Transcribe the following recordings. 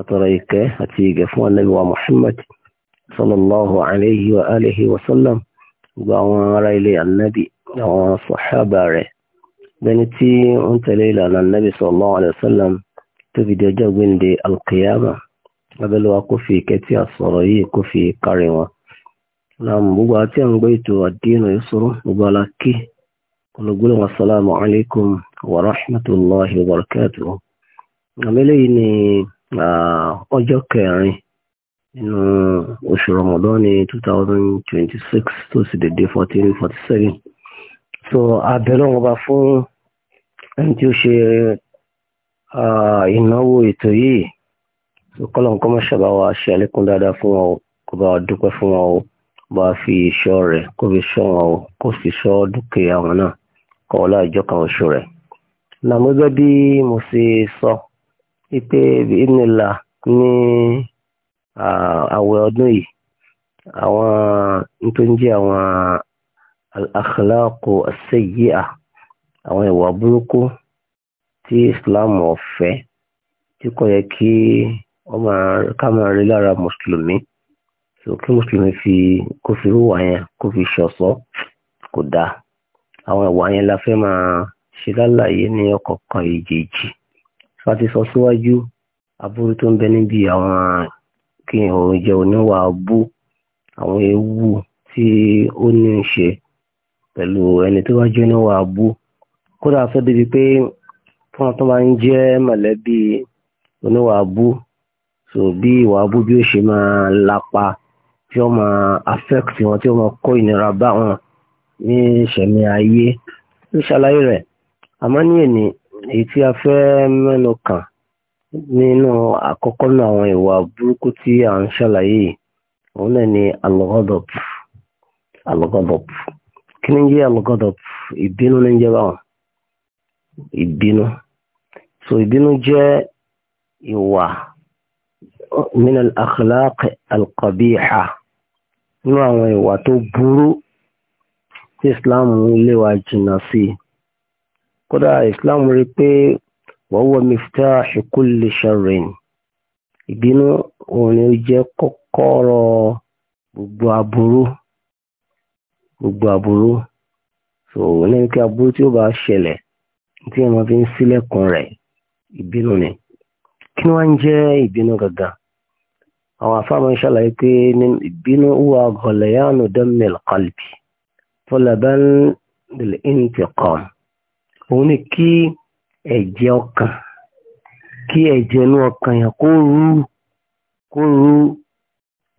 àtọ̀rọ̀ ìkẹ́ àti ìgẹ̀ fún Ànábì wa Muhammad sallallahu alayhi wa alihi wa sallam gbogbo àwọn ará ilé Ànábì àwọn sàhábà rẹ̀ bẹni tí ó ń tẹ̀lé ìlànà Ànábì sallallahu alayhi wa sallam tó fi di ọjọ́ gbéǹde alkiyama abẹ́lẹ́wà kó fi ìkẹ́ tí a sọ̀rọ̀ yìí kó fi kárí wọn. Nàmú gbogbo àti àwọn gbé ètò àdínà ìṣòro gbogbo alákì olùgbòlò assalamu alaykum wa rahmatullahi wa barakatuh. Àmì Ah, ọjọ́ kẹrin nínú oṣù Ramadan ní 2026 tó sì dédé 1447 so abẹ́rẹ́ wọn bá fún ẹni tí ó ṣe ah, ìnáwó ètò yìí kọ́lọ̀n kọ́mọ́ ṣàbá wa ṣe àlékún dáadáa fún wọn kó bá wa dúpẹ́ fún wọn o bá fi ìṣọ́ rẹ̀ kó fi ṣọ́ wọn o kó sì ṣọ́ dúkìá wọn náà kọ́ ọlá ìjọ kan oṣù rẹ̀. nàmúgbẹ́ bí mo ṣe sọ. So, wípé ìnìlà ní àwẹ̀ ọdún yìí àwọn tó ń jẹ́ àwọn al-akhlaqu as-sayyi'a àwọn ìwà burúkú tí Islam ọ̀fẹ́ tí kò yẹ kí ká máa rí lára mùsùlùmí so kí mùsùlùmí fi kó fi hùwà yẹn kó fi ṣọ̀ṣọ́ kò dáa àwọn ìwà yẹn la fẹ́ máa ṣe lálàyé ní ọ̀kọ̀ọ̀kan èjèèjì láti sọ síwájú aburú tó ń bẹ níbi àwọn kí òun jẹ oníwà bú àwọn ewu tí ó ní í ṣe pẹ̀lú ẹni tó bá jẹ́ oníwà bú kódà sọ débi pé fún wọn tó máa ń jẹ́ mọ̀lẹ́bí oníwà bú so bí ìwà bú bí ó ṣe máa lapa tí ó máa affect wọn tí ó máa kó ìnira bá wọn ní ìṣẹ̀mí ayé ń ṣàlàyé rẹ̀ àmọ́ ní èní èyí tí a fẹ́ mẹ́nu kàn nínú àkọ́kọ́ náà àwọn ìwà burúkú tí à ń ṣàlàyé òun náà ni alọ́gọ́dọ̀p alọ́gọ́dọ̀p kí ni jẹ́ alọ́gọ́dọ̀p ìbínú ní jẹ́ báwọn ìbínú so ìbínú jẹ́ ìwà min al-akhlaq nínú àwọn ìwà tó burú tí Islam lé wa jìnnà sí i kódà islam rí pé wa huwa miftahu kulli sharrin ìbínú òun ni ó jẹ́ kọ́kọ́rọ́ gbogbo aburú gbogbo aburú so lẹ́yìn kí aburú tí ó bá ṣẹlẹ̀ tí wọ́n fi ń sílẹ̀kùn rẹ̀ ìbínú ni kí ni wọ́n jẹ́ ìbínú gangan àwọn afáàmọ́ ṣàlàyé pé ìbínú wà gọ̀lẹ́yàánú dammil qalbi talaban bil intiqam òun ni kí ẹ̀jẹ̀ ọkàn kí ẹ̀jẹ̀ inú ọkàn yẹn kó rú kó rú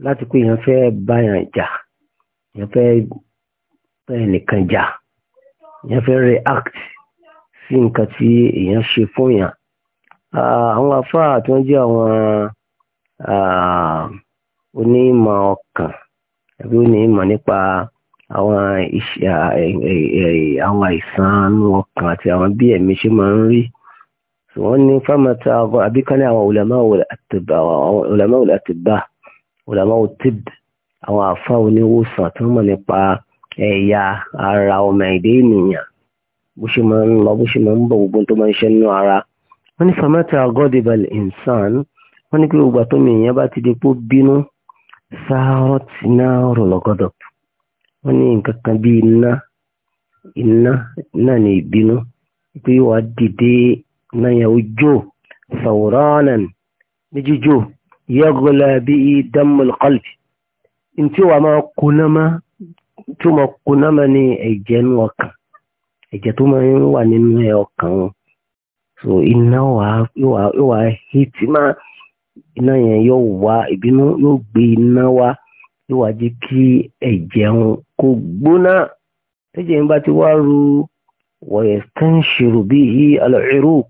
láti pé èèyàn fẹ́ báyàn jà èèyàn fẹ́ bẹ́ẹ̀ nìkan jà èèyàn fẹ́ react sí nǹkan tí èèyàn ṣe fún yàn àwọn afáà tí wọ́n jẹ́ àwọn onímọ̀ ọkàn onímọ̀ nípa àwọn àwọn àìsàn ọkàn àti àwọn bí ẹ̀mí ṣe máa ń rí wọ́n ní fámátà àbíkánlẹ̀ àwọn olàmáwòlà àtìbá olàmáwò tib àwọn àfá oníwòsàn tó mọ̀ nípa ẹ̀yà ara ọmọ èdè ènìyàn bó ṣe máa ń lọ bó ṣe máa ń bọ̀ gbogbo tó máa ń ṣe nínú ara wọ́n ní fámátà godibal insan wọ́n ní pé gbogbo àtọ́mì èèyàn bá ti di pó bínú sáárọ̀ tí náà rọ̀ lọ́gọ́dọ̀ wọ́n ní nǹkan kan bí iná iná náà ní ìbínú pé wàá dìde náà yẹn ó jó fawranan ní jíjó yaghla bihi dammul qalbi ntí wàá máa kóná má tí ó máa kóná má ní ẹ̀jẹ̀ nù ọkàn ẹ̀jẹ̀ tó máa ń wà nínú ẹ̀ ọkàn wọn so iná yóò wá hìtì má iná yẹn yóò wá ìbínú yóò gbé iná wá yóò wá jẹ́ kí ẹ̀jẹ̀ wọn kò gbóná tẹ́jẹ̀ ń bá ti wá ru wọ̀yẹ̀stẹ́ǹṣirò bí i alọ́ìrúk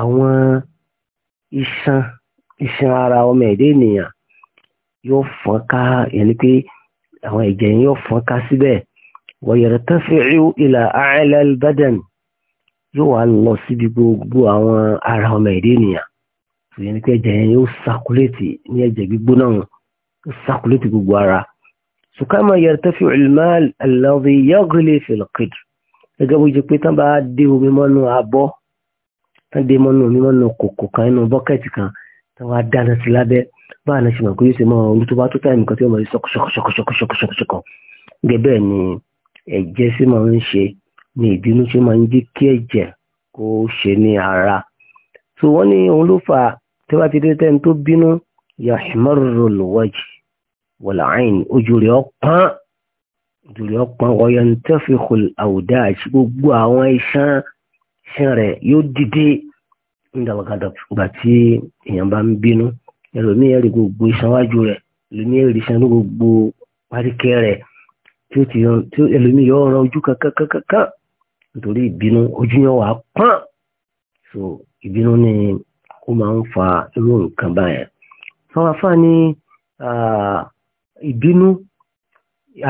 àwọn iṣan iṣan ara ọmọ ẹ̀dẹ́ ènìyàn yóò fọ́n ká yẹni pé àwọn ẹ̀jẹ̀ yóò fọ́n ká síbẹ̀ wọ̀yẹ̀rẹ̀tẹ́fẹ̀ẹ́ ìlà àìlẹ́lbẹ́dẹ̀n yóò wá lọ síbi gbogbo àwọn ara ọmọ ẹ̀dẹ́ ènìyàn yẹni pé ẹ̀jẹ̀ yẹn yóò sàkúlẹ̀tì ní ẹ̀jẹ̀ gbígbóná yóò sàkúlẹ̀tì gbogbo ara. sùkámà yẹrtẹ́fì ìlmáàl àlọ́dí yọ́gìlì fìlọ́kìdì gẹ́gẹ́ bó ṣe pé tán bá dé omi mọ́nú abọ́ tán dé mọ́nú omi mọ́nú kòkò kan inú bọ́kẹ́tì kan tán wá dáná sí lábẹ́ báà náà ṣe mọ̀ pé mọ́ orí tó bá tó táìmù kan tí wọ́n mọ̀ sí gẹ́gẹ́ ni ẹ̀jẹ̀ sì máa ń ṣe ni ìbínú ṣe máa ń jí kí ẹ̀jẹ̀ kó ṣe ní ara so wọ́n ní òun ló fà tẹ́wá ti dé tẹ́ni tó bínú yahmarul wajh wọ̀là àìn ojú rẹ̀ ọpọ́n ojú rẹ̀ ọpọ́n ọyọ ní tẹ́fìkùl àwùdá àti gbogbo àwọn iṣan iṣan rẹ̀ yóò dìde nígbàgbàgbà ìgbà tí èèyàn bá ń bínú ẹlòmíì ẹ̀rí gbogbo iṣan wájú rẹ̀ ẹlòmíì ẹ̀rí iṣan ní gbogbo páríkẹ́ rẹ̀ tí ó ti tí ẹlòmíì yóò ran ojú kankankankan nítorí ìbínú ojú yẹn wà pọ́n so ìbínú ni ó máa ń fa irú nǹkan báyẹn. fáwọn afáà ní ah, ìbínú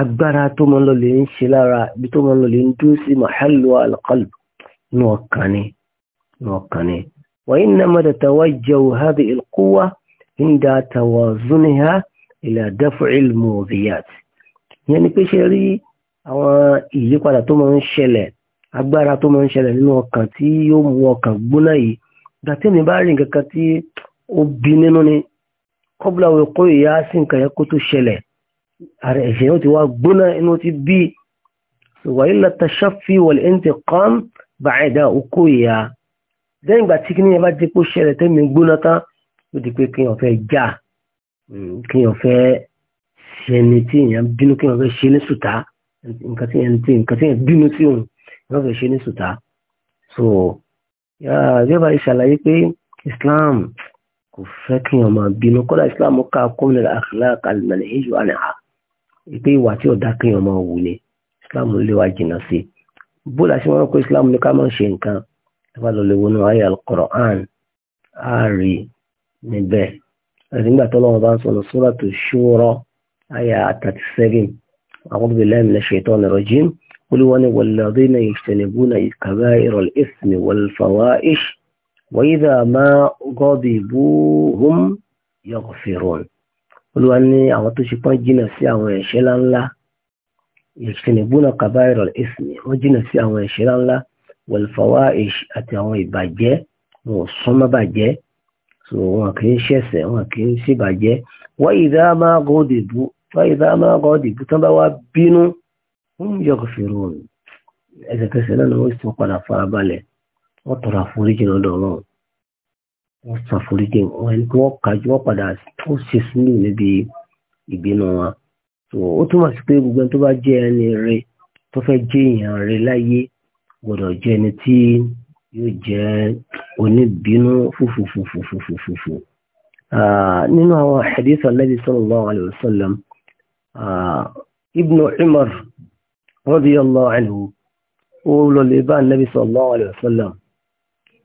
agbára tó mọ́ lọ lè ń ṣe lára ibi tó mọ́ lọ lè ń dúró sí mahallu alqalb ní ọkàn ni ní ọkàn ni wa innama tatawajjahu hadhihi alquwwa inda tawazunha ila daf'i almu'dhiyat ìyẹn ni pé ṣe rí àwọn ìyípadà tó mọ́ ń ṣẹlẹ̀ agbára tó mọ́ ń ṣẹlẹ̀ nínú ọkàn tí yóò mú ọkàn gbóná yìí gbàtẹ́mi bá rí nǹkan kan tí ó bí nínú ni kọ́bùlà òwe kó ìyá sí nǹkan yẹn kó tó ṣẹlẹ̀ ààrẹ ẹ̀ṣẹ̀ yóò ti wá gbóná inú ti bí wàyí lọ́tà ṣọ́fì wọ̀lẹ̀ ẹni ti kàn bàáyìdá okó ìyá lẹ́yìn ìgbà tí kíní yẹn bá ti kó ṣẹlẹ̀ tẹ́mi gbóná tán ó di pé kíyàn fẹ́ já hmm, kíyàn fẹ́ ṣẹni tí èèyàn bínú kíyàn fẹ́ ṣe ní sùtá nǹkan tí èèyàn bínú sí òun kíyàn fẹ́ ṣe ní sùtá so yóò bá ṣàlàyé pé Islam kò fẹ́ kí wọ́n máa bínú kọ́lá ìsìláàmù ká kọ́mìnà àkìlá kàlùmọ̀lẹ̀ èyí wà náà ìpé ìwà tí ọ̀dá kí wọ́n máa wù ní ìsìláàmù lè wá jìnnà sí bóòlù àti wọn kó ìsìláàmù ní ká máa ṣe nǹkan ẹ̀fà lọ lè wọnú ayé al-Qur'an níbẹ̀ ẹ̀sìn gbà tó lọ́wọ́ bá ń sọ̀rọ̀ Suratu Shura ayé thirty seven a'udhu billahi minash shaitanir rajim qul huwa alladhina yajtanibuna kaba'ira al-ithmi wal fawahish wàyídà máa gọ́ọ̀bì búhùm yọ̀gọ̀fẹ̀rọ̀n olúwa ní àwọn tó ṣe pọ́n jìnà sí àwọn ẹ̀ṣẹ̀ ńláńlá ìṣìnìbùnà kàbáyọ̀rọ̀ ìsìn wọ́n jìnà sí àwọn ẹ̀ṣẹ̀ ńláńlá wẹ̀lfọ̀wá àti àwọn ìbàjẹ́ wọn ò súnmọ́ bàjẹ́ so wọn kì í ṣẹ̀ṣẹ̀ wọn kì í ṣèbàjẹ́ wàyídà máa gọ́ọ̀dì bú wàyídà máa gọ́ọ̀dì bú tán bá wá bínú hùm yọ̀gọ̀fẹ̀rọ̀n ẹsẹ̀kẹsẹ̀ náà ni wọ́n ti tún padà farabalẹ̀ wọ́n tọrọ àforíjì lọ́dọ̀ ọlọ́run wọ́n ṣàforíjì wọn ẹni tí wọ́n kájú wọ́n padà tó ṣe sùúrù níbi ìbínú wọn so ó túmọ̀ sí pé gbogbo ẹni tó bá jẹ́ ẹni rẹ tó fẹ́ jẹ́ èèyàn rẹ láyé gbọ́dọ̀ jẹ́ ẹni tí yóò jẹ́ oníbínú fùfùfùfùfùfùfù nínú àwọn hadith Ànábì sallallahu alayhi wa sallam ibnu Umar radiyallahu anhu ó lọ lè bá Ànábì sallallahu alayhi wa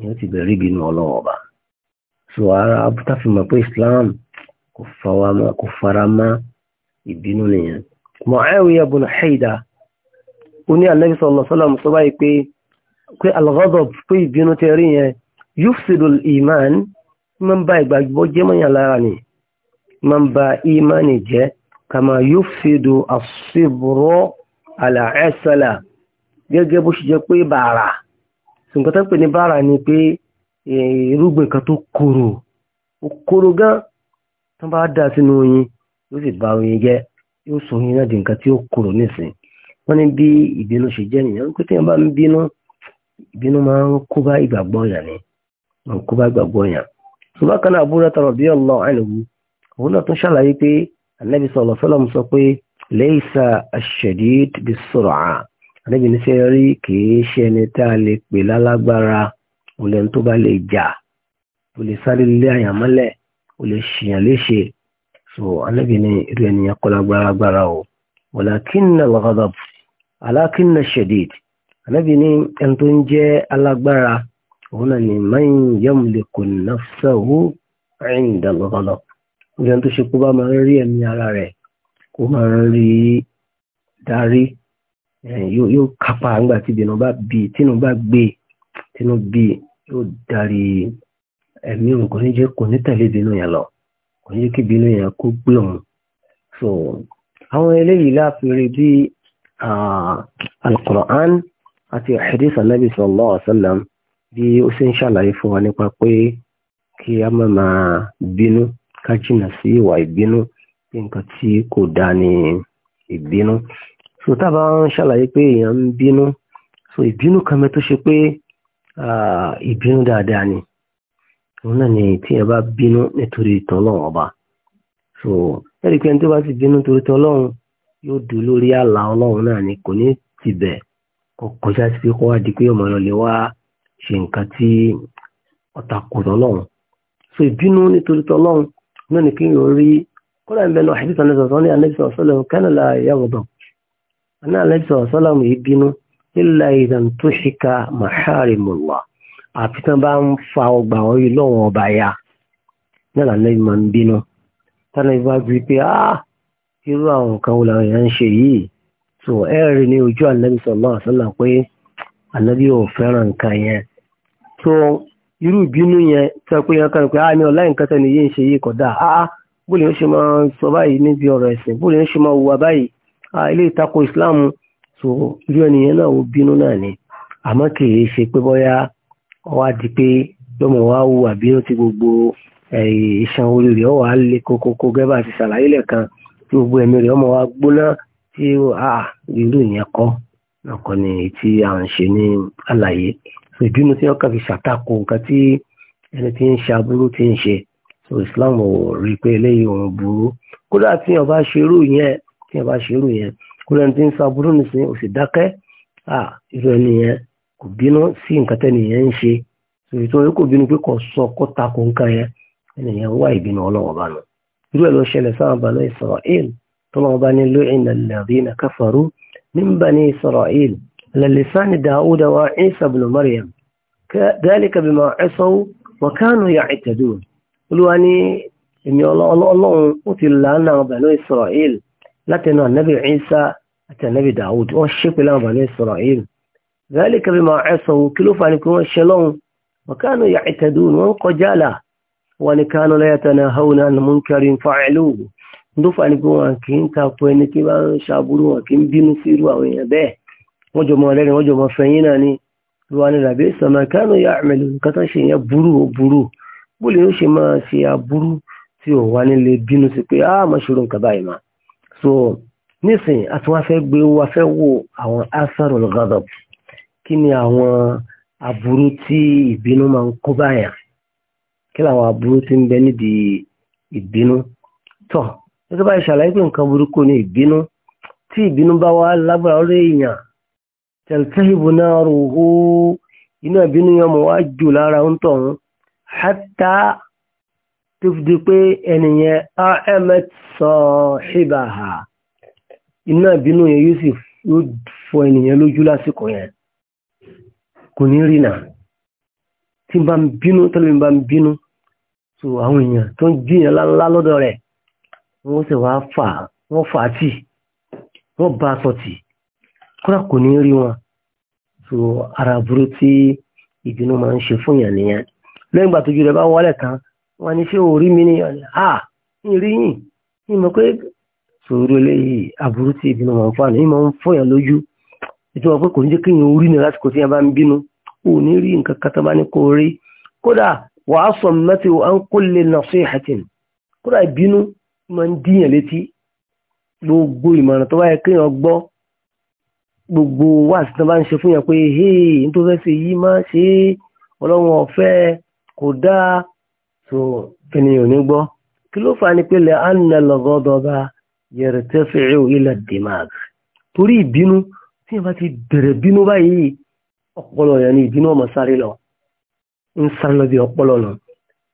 ìyẹn ti bẹ̀rẹ̀ ìbínú ọlọ́wọ́ ọba so ara abúta fi mọ̀ pé Islam kò fara mọ́ ìbínú nìyẹn Mu'awiya ibn Haida ó ní Ànábì sallallahu alaihi wasallam sọ báyìí pé pé al-ghadab pé ìbínú ti rí yẹn yufsidu al-iman máa ń ba ìgbàgbọ́ jẹ́ mọ́yàn lára ni máa ń ba ìmánì jẹ́ kama yufsidu as-sibru ala gẹ́gẹ́ bó ṣe jẹ́ pé bàrà nǹkan tó ń pè ní bára ni pé irúgbìn kan tó korò ó gan tó bá dà sínú oyin yóò sì ba oyin jẹ yóò sọ oyin náà di nǹkan tí ó korò nísìn wọn ní bí ìbínú ṣe jẹ nìyẹn pé tí wọn bá ń bínú ìbínú máa ń kó bá ni máa kó bá ìgbàgbọ́ yàn ṣùgbọ́n kan náà abúlé tọrọ bí ọlọ àìlèwu òun náà tún ṣàlàyé pé anabi sọlọ sọlọ sọ pé laysa àníbi níṣẹ́ rí kìí ṣe ẹni tá a lè pè lálágbára olẹ́ni tó bá lè jà tó lè sáré lé àyàn mọ́lẹ̀ ó lè ṣìyàn léṣe so àníbi ní irú ènìyàn kọ́ lágbára o walakinna al-ghadab alakinna shadid àníbi ní ẹni tó ń jẹ́ alágbára òun náà ni man yamliku nafsahu inda al-ghadab olẹ́ni tó ṣe kó bá máa rí ẹ̀mí ara rẹ̀ kó máa rí darí yóò yóò kapa àgbà tí ìbínú bá bí tínú bá gbé tínú bí yóò darí ẹ̀mí òun kò ní jẹ́ kò ní tẹ̀lé ìbínú yẹn lọ kò ní jẹ́ kí ìbínú yẹn kó gbé òun so àwọn eléyìí láàfin bí al-Qur'an àti hadith Ànábì sallallahu alaihi bí ó ṣe ń ṣàlàyé fún wa nípa pé kí a má máa bínú ká jìnnà sí ìwà ìbínú bí nǹkan tí kò dá ní ìbínú so tábà ń ṣàlàyé pé èèyàn ń bínú so ìbínú kan mẹ́ tó ṣe pé ìbínú dáadáa ni òun náà ni tí ẹ bá bínú nítorí tọ́lọ́run ọba so ẹ̀rí pé ẹni tó bá ti bínú nítorí tọ́lọ́run yóò dùn lórí àlà ọlọ́run náà ni kò ní tibẹ̀ kò kọjá sí pé kó wá di pé ọmọ ìrọ̀lẹ́ wá ṣe nǹkan tí ọ̀tà kò tọ́lọ́run so ìbínú nítorí tọ́lọ́run náà ni kí n rí kọ́lá ìbẹ̀lẹ̀ àná àlẹ́sọ̀ sọ́làmù yìí bínú ilẹ̀ ìdàn tó ṣìkà màṣáàrìmùlá àfi tán bá ń fa ọgbà orí lọ́wọ́ ọba ya náà làlẹ́ ìmọ̀ ń bínú tánà ìbá ju pé á ah, irú àwọn nǹkan wo làwọn èèyàn ń ṣe yìí so ẹ rí ní ojú ànábì sallallahu alaihi wasallam pé ànábì ò fẹ́ràn nǹkan yẹn so irú ìbínú yẹn tẹ pé yẹn kan pé á ní ọláyìn kẹta ni yìí ń ṣe yìí kódà á ah, ah, bóyá ó ṣe máa sọ báyìí níbi ọ̀rọ̀ ẹ̀sìn bóyá ó ṣe máa wùwà báyìí ilé ìtakò islam so irú ẹnìyẹn náà ó bínú náà ni àmọ́ kìí ṣe pé bóyá wá di pé lọ́mọ wa wu àbínú ti gbogbo ìṣàn orí rẹ̀ ọ̀ wá lé kókókó gẹ́bà ti ṣàlàyé lẹ́ẹ̀kan tí gbogbo ẹ̀mí rẹ̀ ọmọ wa gbóná tí irú ìyẹn kọ́ ọkọ̀ ni tí a ń ṣe ní àlàyé so ìbínú tí wọ́n kàn fi ṣàtakò nǹkan tí ẹni tí ń ṣe aburú ti ń ṣe so Islam ò rí pé eléyìí òun burú kódà tí wọ́n bá ṣerú yẹn tí a bá ṣe irú yẹn kó lẹ́ni tí ń sa burú nìsín ò sì dákẹ́ à irú ẹni yẹn kò bínú sí nǹkan tẹ́ni yẹn ń ṣe sòrí tó kò bínú pé kò sọ kó ta kó nǹkan yẹn ẹni yẹn wá ìbínú ọlọ́wọ́ bá nù irú ẹ̀ ló ṣẹlẹ̀ sáwọn bàánú Israel tó máa bá ní lóyìn alladhina kafaru min bani Israel ala lisani Dawuda wa Isa ibn Maryam dhalika bima asaw wa kanu ya'tadun olúwa ní èmi ọlọ́run ó ti làánà bàánú Israel látẹnu ànábì Ìsá àti ànábì Dawud wọ́n ṣe pé láwọn Bani Isra'il ذلك بما عصوا كلوا فانكم شلون وكانوا يعتدون wọ́n kọjá là wọ́n ni كانوا لا يتناهون عن منكر فعلوه ńdó fani pé wọn kì í takò ẹni kí bá ń ṣàbúrò wọn kì í bínú sí irú àwọn èèyàn bẹ́ẹ̀ wọ́n jọ mọ ọlẹ́rìn wọ́n jọ mọ fẹ̀yìn náà ni ruwa ni rabi sọmọ kánú ya so nísìn àti wọ́n fẹ́ gbé wọ́n fẹ́ wo àwọn asarul ghadab kí ni àwọn aburú tí ìbínú máa ń kó báyà kí làwọn aburú tí ń bẹ nídìí ìbínú tọ́ gẹ́gẹ́ bá ìṣàlàyé pé nǹkan burúkú ni ìbínú tí ìbínú bá wà lágbára orí èèyàn tẹ̀lẹ́tẹ̀hìbù náà rò ó iná ìbínú yẹn mọ̀ wá jù lára ń tọ̀hún hátà tó fi di pé ẹnìyẹn ahmed sọ̀híbàhà iná ìbínú yẹn yóò sì yóò fọ ènìyàn lójú lásìkò yẹn kò ní rìnà tí bá ń bínú tẹ́lẹ̀ bá ń bínú so àwọn èèyàn tó ń jiyàn lálá lọ́dọ̀ rẹ̀ wọ́n sì wá fà wọ́n fà á tì wọ́n bá a sọ̀tì kódà kò ní rí wọn so ara burú tí ìbínú máa ń ṣe fún yàn nìyẹn lẹ́yìn ìgbà tójú rẹ̀ bá wọlé kan wọ́n ní ṣé orí mi ni à ń ah, rí yìn ní mọ̀ pé sòrò eléyìí aburú tí ìbínú wọn fún àná ìmọ̀ ń fọyàn lójú ìtumọ̀ pé kò ní jẹ́ kí èèyàn orí ni lásìkò tí yẹn bá ń bínú ò ní rí nǹkan kan tó bá ní kó rí kódà wàá sọ mẹ́tì à ń kó lè nà sí ìhàtìn kódà ìbínú máa ń díyàn létí gbogbo ìmọ̀ràn tó bá yẹ kéèyàn gbogbo wá sí bá ń ṣe fún yẹn pé hey n tó fẹ́ ṣe so kí ni ò ní gbọ́ kí ló fà ní pẹ́lẹ̀ anna lọ́gọ́dọ̀ba yartafi'u ila dimag torí ìbínú tí wọ́n bá ti bẹ̀rẹ̀ bínú báyìí ọpọlọ yẹn ni ìbínú ọmọ sáré lọ ń sáré lọ bí ọpọlọ lọ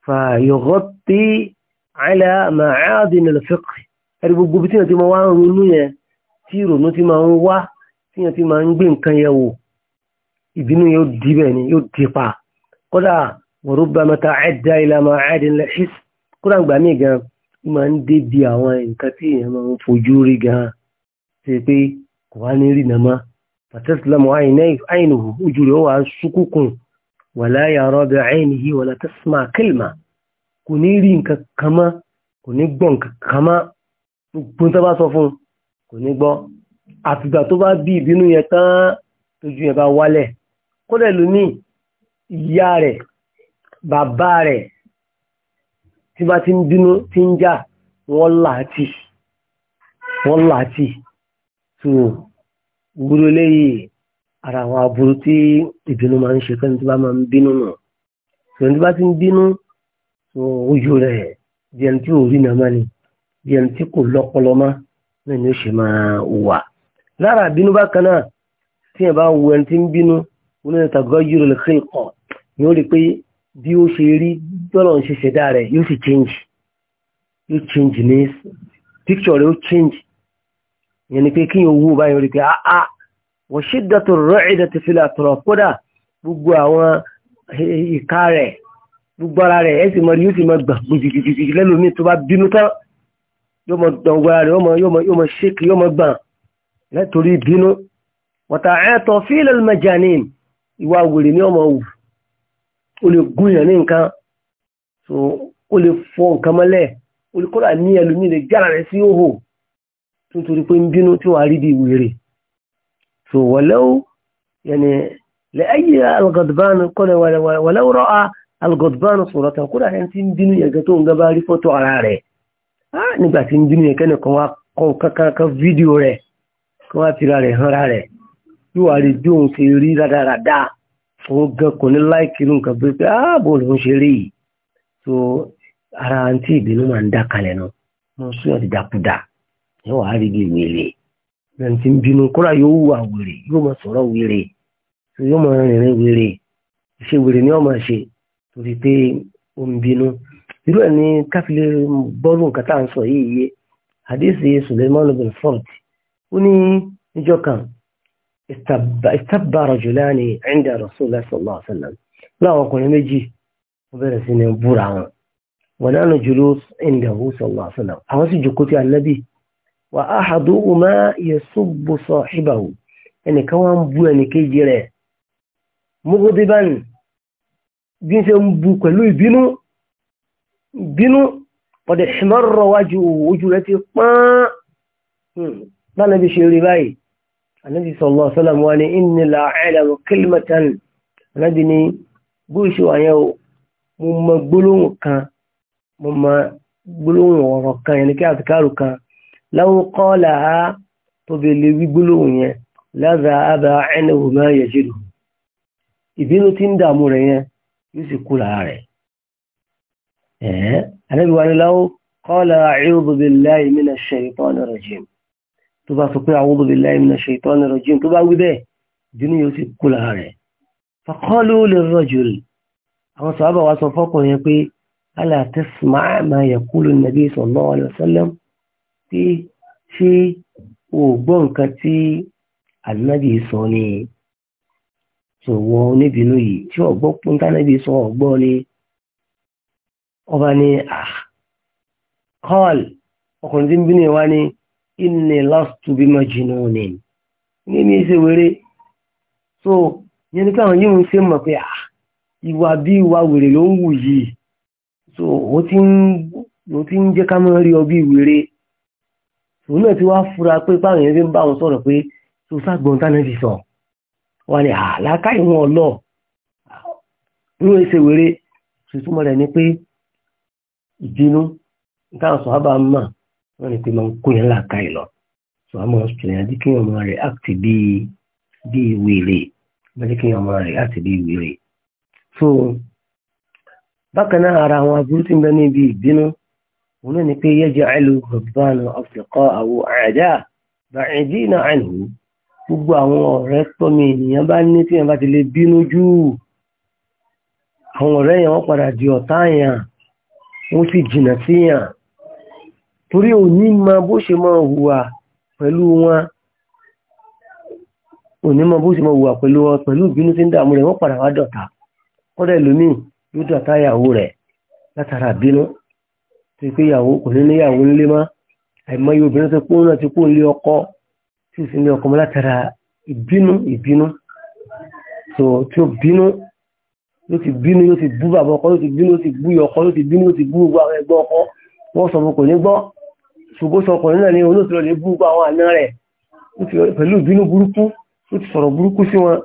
fa yughatti ala ma'adin al-fiqh ẹ̀rí gbogbo bí tíyàn ti máa wá ronú yẹn tí ìrònú ti máa ń wá tíyàn ti máa ń gbé nǹkan yẹ̀ wò ìbínú yóò di bẹ́ẹ̀ ni yóò di pa kódà وربما تعدى إلى ما عاد الحس قرآن بامي gan máa ń débi àwọn nǹkan tí èèyàn máa ń fojú rí gan ṣe pé kò wá ní rí nàmá fatasilamu àìníhù ojú rẹ̀ wà ṣúkúkùn wà láyà rọ́bẹ̀ àìníhì wà látàsímà kìlìmà kò ní rí nǹkan kan mọ́ kò ní gbọ́ nǹkan kan mọ́ gbogbo tó bá sọ fún kò ní gbọ́ àfìgbà tó bá bí ìbínú yẹn tán tójú yẹn bá wálẹ̀ kódẹ̀ lónìí ìyá rẹ̀ bàbá rẹ̀ tí bá ti ń dínú tí ń já wọ́n láti wọ́n láti tó gbúrú léyìí ara àwọn aburú tí ìbínú máa ń ṣe fẹ́ni tí bá máa ń bínú nù tòun tí bá ti ń bínú tó ojú rẹ̀ díẹ̀ tí ò rí nàmá ni díẹ̀ tí kò lọ́pọlọ má náà ó ṣe máa wà lára àbínú bákan náà tí ẹ̀ bá wo ẹni tí ń bínú oníyàtàgọ́ yúrò lè kí ìkọ̀ ni ó rí pé bí ó ṣe rí tọ́lọ̀ ń ṣe ṣẹ̀dá rẹ̀ yóò sì change yóò change ní picture rẹ̀ yóò change ìyẹn ni pé kí yóò wú báyìí rí pé àá wọ́n ṣe dàtọ̀ rọ́ọ̀dẹ̀ ti fi làtọ̀rọ̀ kódà gbogbo àwọn e, e, ìka rẹ̀ gbogbo ara rẹ̀ ẹ̀sìn mọ́ yóò sì mọ́ gbà gbìgbìgbìgbì ìwà wèrè ni ọmọ wù ó lè gún yàn ní nǹkan so ó lè fọ nǹkan mọ́lẹ̀ ó le kọ́ra ní ẹlòmíì lè jára rẹ̀ sí òhò tó torí pé ń bínú tí wàá rí bí wèrè so walaw yani lẹ́yìn algodban kọ́nà walaw ra'a algodban suratan kọ́ra ẹni tí ń bínú yẹn tó ń gaba rí fọ́tò ara rẹ̀ nígbà tí ń bínú yẹn kẹ́nìkan wá kọ́ kankan fídíò rẹ̀ kọ́ wá fira rẹ̀ hàn rẹ̀ yóò wá rí bí òun ti rí rádaràda òun gan kò ní láìkì irú nǹkan pé ààbò ah, lòún ṣe rí yìí tó ara àǹtí ìbínú máa ń dá kalẹ̀ nu wọn sún ọ̀dì dàkúdà ẹ wàá rí bí wèrè náà ti ń bínú kóra yóò wù àwèrè yóò máa sọ̀rọ̀ wèrè yóò máa rìnrìn wèrè ìṣe wèrè ni wọ́n máa ṣe torí pé ó ń bínú irú ẹ̀ ní káfílẹ̀ bọ́ọ̀lù nǹkan tá à ń sọ yìí yé àdéhùn Suleiman bin ford ó ní níjọ́ kan استب استب رجلان عند رسول الله صلى الله عليه وسلم لا وكن مجي وبرسين بورا ونحن جلوس عنده صلى الله عليه وسلم أوس جكوتي النبي وأحدهما يصب صاحبه يعني كوان بو يعني كيجيره مغضبا بين سنبو كلو بينو بينو قد احمر وجهه وجهه ما ما نبي شيء رباي anábì sọ̀lọ́ sọ́lọ́mù wa ní inni la a'lamu kalimatan anábì ní bó ṣe wà yẹn o mo mọ gbólóhùn kan mo mọ gbólóhùn ọ̀rọ̀ kan yẹn ní kí àtikáàrù kan law qalaha tóbi lè wí gbólóhùn yẹn la dhahaba anhu ma yajidu ìbínú tí ń dààmú rẹ̀ yẹn yóò sì kú lára rẹ̀ ẹ̀ẹ́ anábì wa ní law qala a'udhu billahi minash shaytanir rajim tó bá sọ pé a'udhu billahi minash shaitanir rajim tó bá wí bẹ́ẹ̀ dínú yóò sì kú lára rẹ̀ faqalu lirrajul àwọn sàábà wa sọ fọ́kùnrin yẹn pé ala tasma' ma yaqulu an-nabi sallallahu alaihi wasallam pé ṣé o gbọ́ nǹkan tí ànábì sọ ni ṣòwò oníbìnú yìí tí ọ̀gbọ́ pọ́ńtánábì ọba ni ah kọ́ọ̀lù ọkùnrin tí ń bínú yẹn ni inni lastu bi majnunin ní ní ṣe wéré so yẹn ní káwọn yóò ń ṣe mọ̀ pé à ah, ìwà bí ìwà wèrè ló ń wù yìí so ó ti ń ó ti ń jẹ́ ká máa rí ọ bí wèrè òun náà ti wá fura pé báwọn yẹn fi ń bá wọn sọ̀rọ̀ pé tó ságbọ́n tánà ti sọ wà ní àlàkà ah, ìwọ̀n ọlọ́ ní ẹsẹ̀ wèrè tuntun mọ̀ rẹ̀ ni pé ìbínú táwọn sọ̀hábà ń wọ́n ní pé máa ń kó yẹn láàká yìí lọ so a máa sọ̀rọ̀ yẹn kí ọmọ rẹ̀ áàtì bíi bíi wèrè wọ́n ní kí ọmọ rẹ̀ áàtì bíi wèrè so bákan náà ara àwọn aburú tí ń bẹ níbi ìbínú òun náà ni pé yaj'alu ghabbana asdiqa'ahu a'da ba'idina anhu gbogbo àwọn ọ̀rẹ́ tọ́mi ènìyàn bá ní tí wọ́n bá ti lè bínú jù àwọn ọ̀rẹ́ yẹn wọ́n padà di ọ̀tá yẹn wọ́n sì jìnnà sí yẹn torí ò ní mọ bó ṣe mọ hùwà pẹ̀lú wọn ò ní mọ bó ṣe mọ hùwà pẹ̀lú wọn pẹ̀lú ìbínú tí ń dààmú rẹ̀ wọ́n padà wá dọ̀tá kọ́dà ẹlòmíì ló dọ̀tá ìyàwó rẹ̀ látara bínú tó pé ìyàwó kò ní níyàwó ńlé mọ́ àìmọye obìnrin tó kún náà ti kún ilé ọkọ tí ò sì ní ọkọ mọ́ látara ìbínú ìbínú tó tó bínú ló ti bínú ló ti bú bàbá ọkọ ló ti bínú ló ti bú ìyọkọ ló ti bínú ló ti bú gbogbo àwọn ẹgbẹ́ ọkọ wọ́n sọ fún kò ní gbọ́ ṣùgbọ́n sọkùnrin náà ni olóòtúrọ̀ lè bú àwọn àná rẹ̀ pẹ̀lú ìbínú burúkú ó ti sọ̀rọ̀ burúkú sí wọn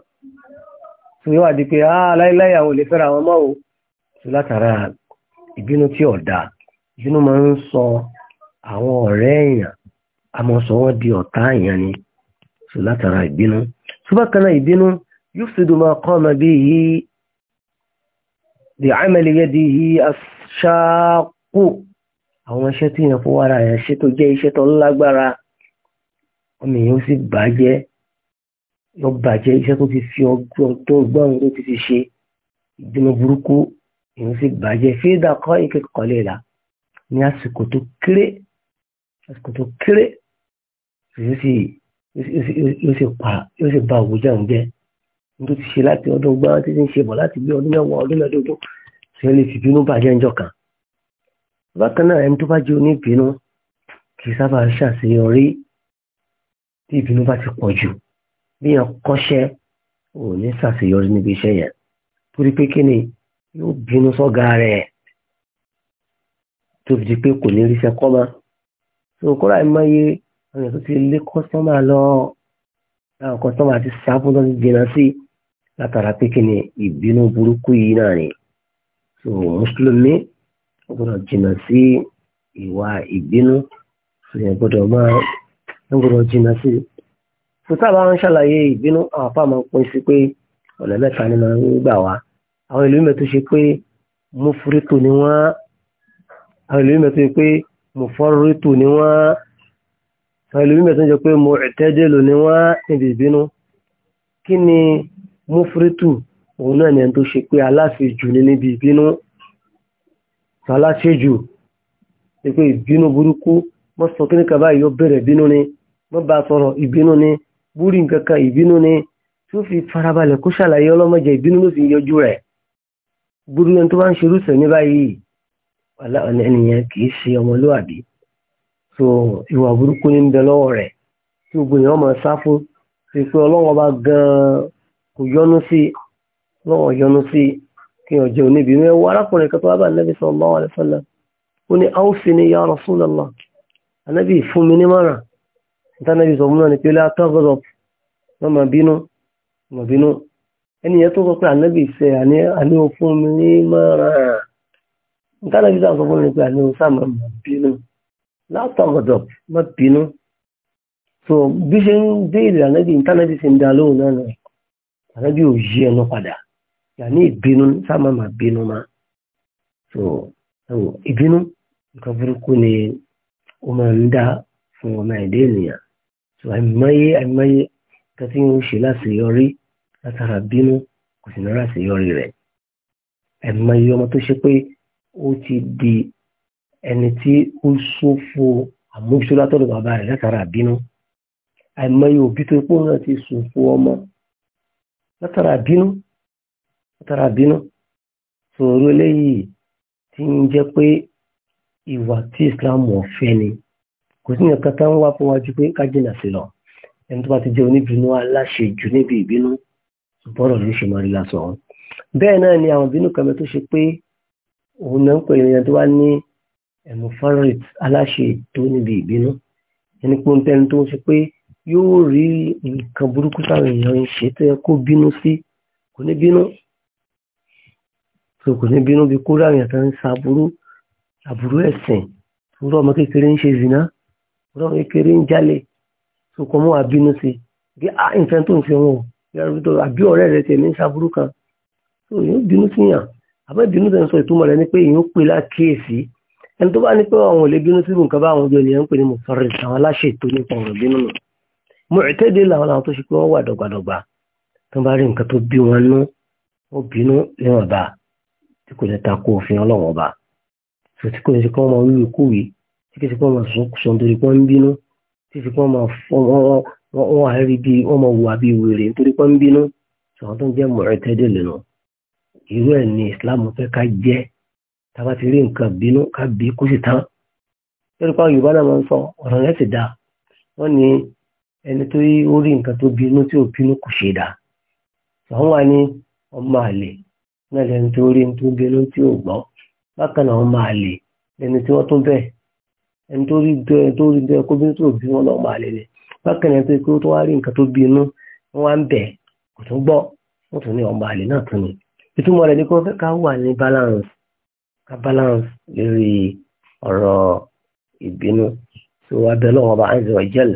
tó yíwá di pé aláìláì ah, àwọn olè fẹ́ra àwọn máa o tó látara ìbínú tí ọ̀dà ìbínú máa ń sọ àwọn ọ̀rẹ́ èèyàn àmọ́ sọ wọ́n di ọ̀tá èèyàn ni tó látara ìbínú tó bá kan náà ìbínú yóò fi dùn máa kọ́ ọmọ bí i di àmẹ́lẹ́yẹ́dì yìí aṣáákù àwọn iṣẹ́ tí èèyàn fowó ara èèyàn ṣe tó jẹ́ iṣẹ́ tó lágbára ọmọ èèyàn ó sì bàjẹ́ yọ bàjẹ́ iṣẹ́ tó ti fi ọgbọ́n tó gbọ́n tó ti fi ṣe ìdùnnú burúkú èèyàn sì bàjẹ́ fídà kọ́ ike kọ́lé la ní àsìkò tó kéré àsìkò tó kéré yóò sì yóò sì ba àwùjọ àwọn jẹ́ nítorí ti ṣe láti ọdún gbọ́n títí ń ṣe bọ̀ láti gbé ọdún mẹ́wàá ọdún mẹ́ẹ̀ẹ́dógún ṣe lè fi bínú bàjẹ́ ńjọ́ kan bákan náà ẹni tó bá jẹ́ oníbínú kì í sábà ṣàṣeyọrí tí ìbínú bá ti pọ̀ jù bí yẹn kọ́ṣẹ́ ò ní ṣàṣeyọrí níbi iṣẹ́ yẹn torí pé kí ni yóò bínú sọ́gá rẹ̀ tó fi di pé kò ní ríṣẹ́ kọ́ mọ́ so kóra ẹ̀ máa yé àwọn èèyàn tó ti lé kọ́sọ́mà lọ àwọn kọ́sọ́mà ti sáfún tó ti jìnnà sí látara pé kí ni ìbínú burúkú yìí náà ni so mùsùlùmí gbọ́dọ̀ jìnnà sí ìwà ìbínú èèyàn gbọ́dọ̀ máa ń gbọ́dọ̀ jìnnà sí i. sọ́tà bá ń ṣàlàyé ìbínú àwọn apá máa ń pín sí pé ọ̀nà mẹ́ta ni máa ń gbà wá àwọn ìlú mẹ́tò ṣe pé mufuritu ni wọ́n àwọn ìlú mẹ́tò ṣe pé mufaritu ni wọ́n àwọn ìlú mẹ́tò ṣe pé mu'tadilu ni wọ́n níbi ìbínú kí ni mufuritu òun náà ni ẹni tó ṣe pé aláfijù ni níbi ìbínú sàláṣẹ́jù pé ìbínú burúkú mọ́ sọ kí ní kàbá yóò bẹ̀rẹ̀ ìbínú ni mọ́ bá sọ̀rọ̀ ìbínú ni búrí nǹkankan ìbínú ni tí ó fi farabalẹ̀ kó ṣàlàyé ọlọ́mọdé ìbínú ló fi yọjú rẹ̀ burú ẹni tó bá ń ṣerú sẹ̀ ní báyìí ẹnìyẹn kì í ṣe ọmọlúwàbí so ìwà burúkú ní ń bẹ lọ́wọ́ rẹ̀ tí gbogbo èèyàn máa sá fún ṣe pé ọlọ́wọ́ bá gan-an kò yọnu sí ọlọ́wọ́ yọnu sí kí ọjọ oníbi ní ẹwọ arákùnrin kan tó wá bá Ànábì sallallahu alaihi wasallam ó ní awsini ya Rasulullah Ànábì fún mi ní mọ́ràn ìtànàbí sọ múnà ní pé la taghdab mọ́mà bínú mọ́mà bínú ẹni yẹn tó sọ pé Ànábì ṣe àní ó fún mi ní mọ́ràn ìtànàbí sọ fún mi ní pé àní ó sá mọ́mà bínú la taghdab mọ́ bínú so bí ṣe ń dé ìlànà yàní ìbínú sáàmà máa bínú ma so ẹwọ ìbínú nǹkan burúkú ni ó máa ń dá fún ọmọ ẹ̀dá ènìyàn so àìmọye àìmọye nǹkan tí wọ́n ṣe láti yọrí látara bínú kò sì náírà sí yọrí rẹ̀ àìmọye ọmọ tó ṣe pé ó ti di ẹni tí ó ṣòfò àmójútó látọ̀dọ̀ bàbá rẹ̀ látara bínú àìmọye òbí tó pọ̀ náà ti ṣòfò ọmọ látara bínú látara bínú sọ̀rọ̀ eléyìí tí ń jẹ́ pé ìwà tí Islam ọ̀fẹ́ ni kò sí nǹkan tá ń wá fún wájú pé ká jìnà sí lọ ẹni tó bá ti jẹ́ oníbínú aláṣẹ jù níbi ìbínú bọ́rọ̀ ló ṣe máa rí lásán bẹ́ẹ̀ náà ni àwọn ìbínú kan tó ṣe pé òun náà ń pè ní ẹni tó wá ní ẹ̀mú farit aláṣẹ tó níbi ìbínú ẹni pé ohun tẹ́ni tó ń ṣe pé yóò rí nǹkan burúkú táwọn èèyàn ń ṣe tó kó bínú sí kò ní bínú so kò ní bínú bí kóra àwọn àtàwọn ń sa aburú aburú ẹ̀sìn kóra ọmọ kékeré ń ṣe zina kóra ọmọ kékeré ń jalè so kò mọ́ àbínú sí bí a ah, nǹkan tó ń fi wọn o àbí ọ̀rẹ́ rẹ tẹ̀mí ń sa aburú kan so yóò bínú sí yàn àbẹ́ bínú tẹ̀ ń sọ ìtumọ̀ rẹ ni pé èèyàn pè lákèésí ẹni tó bá ní pé àwọn ò lè bínú sírù nǹkan bá àwọn ọjọ́ ènìyàn ń pè ní mùsọ̀rẹ̀ àwọn aláṣẹ ètò nípa ọ̀rọ̀ bínú nù mọ̀ẹ́tẹ́dẹ́ làwọn làwọn tó ṣe pé wọ́n wà dọ̀gbàdọ̀gbà tó bá rí nǹkan tó bí wọn nú ó bínú níwọ̀nba tí kò ní takò òfin ọlọ́wọ́n ọba tó tí kò ní sí kí wọ́n máa wíwí kúwì tí kì í sí kí wọ́n máa sọ nítorí pé wọ́n ń bínú tí sì kí wọ́n máa wọ́n àárí bí wọ́n wùwà bí wèrè nítorí pé ń bínú sọ̀rọ̀ tó ń jẹ́ mọ̀rẹ́tẹ́dẹ̀ lẹ́nu irú ẹ̀ ni Islam fẹ́ ká jẹ́ tába ti rí nǹkan bínú ká bí kó sì tán lórí pa Yorùbá náà máa ń sọ ọ̀rọ̀ rẹ̀ ti dáa wọ́n ní ẹni tó rí nǹkan tó bínú tí ò bínú kò ṣe dáa àwọn wa ní ọmọ àlè náà lẹni tó rí ní tó gé ló tí ò gbọ́ bákan náà wọ́n máa lè lẹni tí wọ́n tún bẹ̀ ẹni tó rí bẹ́ẹ̀ tó rí bẹ́ẹ̀ kó bínú tó bí wọn náà máa lè lè bákan náà pé kó tó wá rí nǹkan tó bí inú wọn wá ń bẹ̀ kò tún gbọ́ wọn tún ní ọmọ àlè náà tún ni ìtumọ̀ rẹ̀ ni kó fẹ́ ká wà ní balance ká balance lórí ọ̀rọ̀ ìbínú tó wá bẹ lọ́wọ́ bá àìsàn ọ̀jẹ́l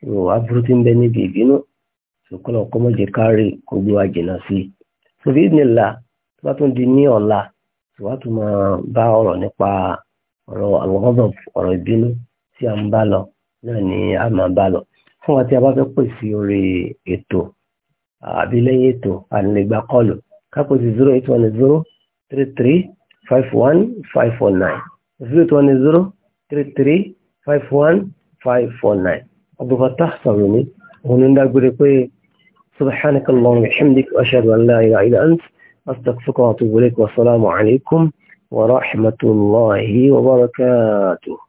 tó wá burú tí ń bẹ níbi ìbínú tó bá tún di ní ọ̀la wà tún máa bá ọ̀rọ̀ nípa ọ̀rọ̀ àwòrán ọ̀rọ̀ ìbínú tí a ń bá lọ náà ni a máa bá lọ fún wa tí a bá fẹ́ pè sí orí ètò àbí lẹ́yìn ètò ànilégbà kọlù kápò sí zero eight one zero three three five one five four nine zero eight one zero three three five one five four nine Abdulfatah Sarumi òun ń dágbére pé subhanakallahumma wa bihamdik ashhadu an la ilaha illa ant. أستغفرك وأتوب إليك والسلام عليكم ورحمة الله وبركاته